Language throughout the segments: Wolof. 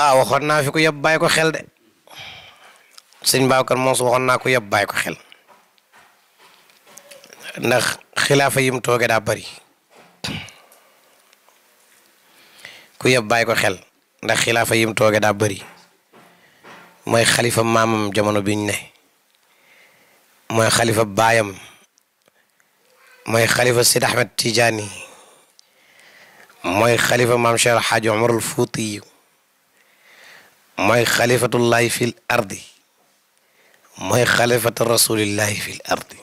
ah waxoon naa fi ku yeb ko xel de sëñ Babacar Moussa waxoon naa ku yeb bàyyi ko xel ndax xilaafa yim tooge daa bari ku yeb bàyyi ko xel ndax xilaafa yim tooge daa bari mooy xalifa maamam jamono biñ ne mooy xalifa baayam mooy xalifa Sid Ahmed Tijaani mooy xalifa maam Cheikh El Hadj Omarul moy khalifatullah fil ardi moy khalifat rasulillah fil ardi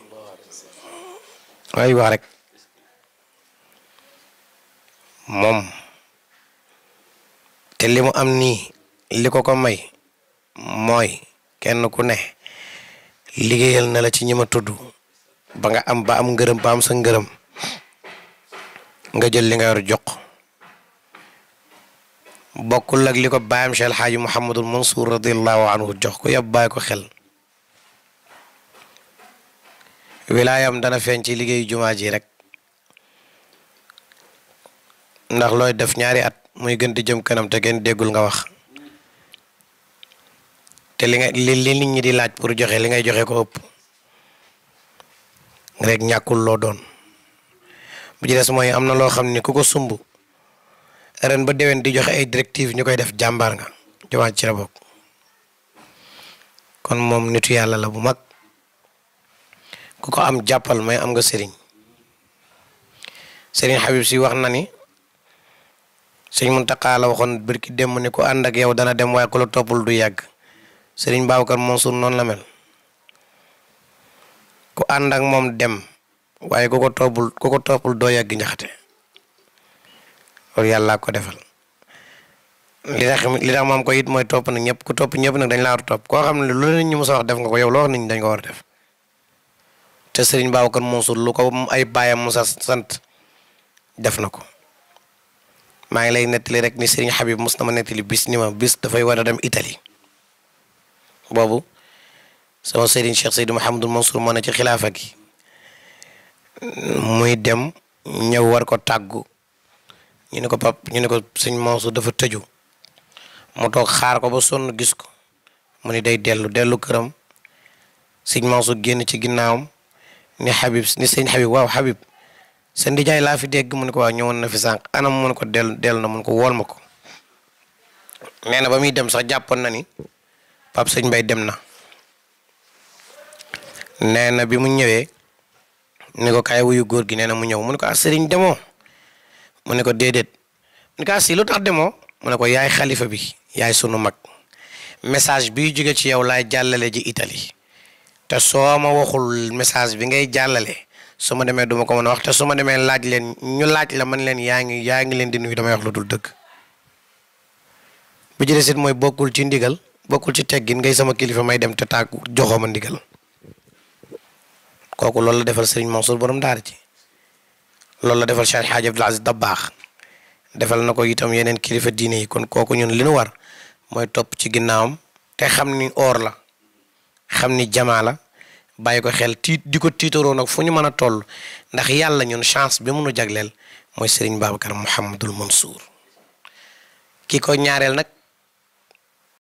waaye wax rek mom te limu mai, am ni liko ko may moy kenn ku ne liggéeyal na la ci ñima tuddu ba nga am ba am ngeureum ba am sa ngeureum nga jël li nga yor jox bokul ak liko bayam baayam Cheikh Alxaaji Mouhamadul Mansour radiallahu anhu jox ko yab bay ko xel wilayam dana feeñ ci liggéeyu jumaa ji rek ndax loy def ñaari at muy gën di jëm kanam te gën degul nga wax te li nga li li nit ñi di laaj pour joxe li ngay joxe ko upp rek ñakul lo doon bu ci dess moy amna lo xamni kuko ni ren ba dewen di joxe ay directive ñukay def jambar nga ci wacc la bok kon mom nitu yalla la bu mag ku ko am jappal may am nga Sering serigne Habib si wax na ni serigne muntaka la waxon birki dem ni ko andak yow dana dem way ko la topul du yag serigne babakar Mansour non la mel ku andak mom dem waye ku ko doyak ku ko loolu yàlla ko defal li tax it mooy topp na ñëpp ku topp ñëpp nag dañ laa war topp koo xam ne lu la nit ñi mos wax def nga ko yow loo wax nit ñi dañ ko war a def te baaw Babacar Mansour lu ko ay baayam Musa sant def na ko maa ngi lay nettali rek ni Serigne Habib mos na ma nettali bis ni ma bis dafay war a dem Italie boobu soo sama Serigne Cheikh Seydou Mouhamadul Mansour moo ne ci xilaafa gi muy dem ñëw war ko tàggu. ñu ne ko pap ñu ne ko sëñ Mansour dafa tëju mu toog xaar ko ba sonn gis ko mu ni day dellu dellu këram sëñ Mansour génn ci ginnaawam ni Habib ni sëñ Habib waaw Habib sa ndijaay laa fi dégg mu ne ko waaw ñëwoon na fi sànq anam mu ne ko dellu dellu na mu ne ko wool ma ko nee na ba muy dem sax jàppoon na ni pap sëñ dem na nee na bi mu ñëwee ni ko kaay wuyu góor gi nee na mu ñëw mu ne ko ah sëriñ demoo mu ne ko déedéet mu ne ko ah, si lu tax demoo mu ne ko yaay xalifa bi yaay sunu mag message bi jóge ci yow laay jàllale ji Italie te soo ma waxul message bi ngay jàllale su ma demee duma ko mën a wax te su ma demee laaj leen ñu laaj la man leen yaa ngi yaa ngi leen di nuyu damay wax lu dul dëgg bi ci des mooy bokkul ci ndigal bokkul ci teggin ngay sama kilifa may dem te tàggu joxoo ma ndigal kooku loolu la defal Serigne Mansour borom daara ci loolu la defal Cheikh Hadj Abdoul Aziz Dabakh defal na ko itam yeneen kilifa diine yi kon kooku ñun li nu war mooy topp ci ginnaawam te xam ni or la xam ni jamaa la bàyyi ko xel tiit di ko tiitaroo nag fu ñu mën a toll ndax yàlla ñun chance bi a jagleel mooy Serigne Babacar Mouhamadul Mansour ki ko ñaareel nag